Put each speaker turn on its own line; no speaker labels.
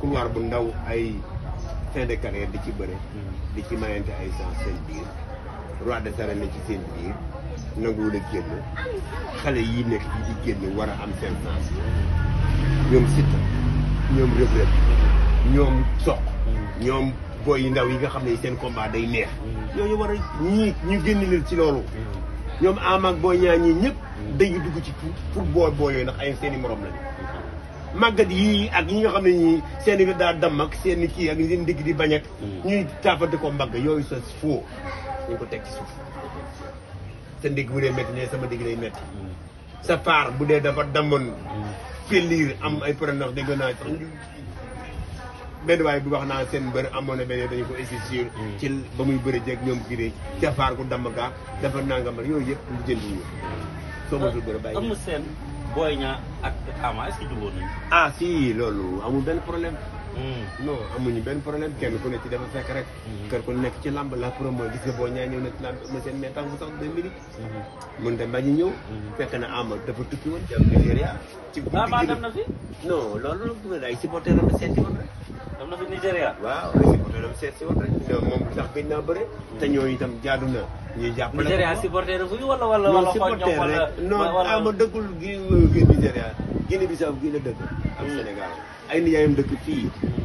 couloir bu ndaw ay fin de carrière di ci bëre di ci mayante ay sens seen biir roi de sarene ci seen biir nanguwul a génn xale yi nekk yi di génn war a am seen sens soq ñoom yu ndaw yi nga xam ne seen combat day neex ñooñu war a ñii ñu génn leen ci loolu ñoom am ak booy Niang ñii ñëpp dañu dugg ci pour booy booy yooyu ndax ay seeni i morom lañu màggat yii ak ñi nga xam ne ñii seen i daa damm ak seen kii ak seen ndigg di bañ ak. Mm. ñuy taafante ko mbagg yooyu sa foo dañ ko teg ci suuf sa ndigg bu dee métti ne sama ndigg lay métti. Mm. sa paar bu dee dafa dammoon. Mm. pellir am ay pronox dégg naa sax benn waaye bi wax naa seen mbër amoon na benn dañu ko exigir. ci ba muy bëri jeeg ñoom kii de ca paar ku damm gaa dafa nangamal yooyu yëpp lu jënd wu ñu. soo mosul bëri bàyyi. amul seen. booy ñaa ak ama est ce que jubóon ah si loolu amul benn problème hmm. non amuñu benn problème kenn ku ne ci dafa fekk rek hmm. kër ku nekk ci lamb la pour mooy gis nga boo ñaa ñëw na ci lamb ma seen mais tànk sax deux minutes hmm. mun dem bañu ñëw fekk na ama dafa tukki woon jam Nigeria ci ba dem na fi non loolu bu nga ay supporter la seeti woon rek dem na fi Nigeria waaw ay supporter la seeti woon rek moom sax gëj naa bëre te ñooñu itam jaadu ñuy jàppale ko Nigéria supporter fu ñu wala wala wala supporter rek non ama dëkkul gi Nigéria Guinée Bissau gii la dëkk ak hmm. Sénégal ay nijaayam dëkk fii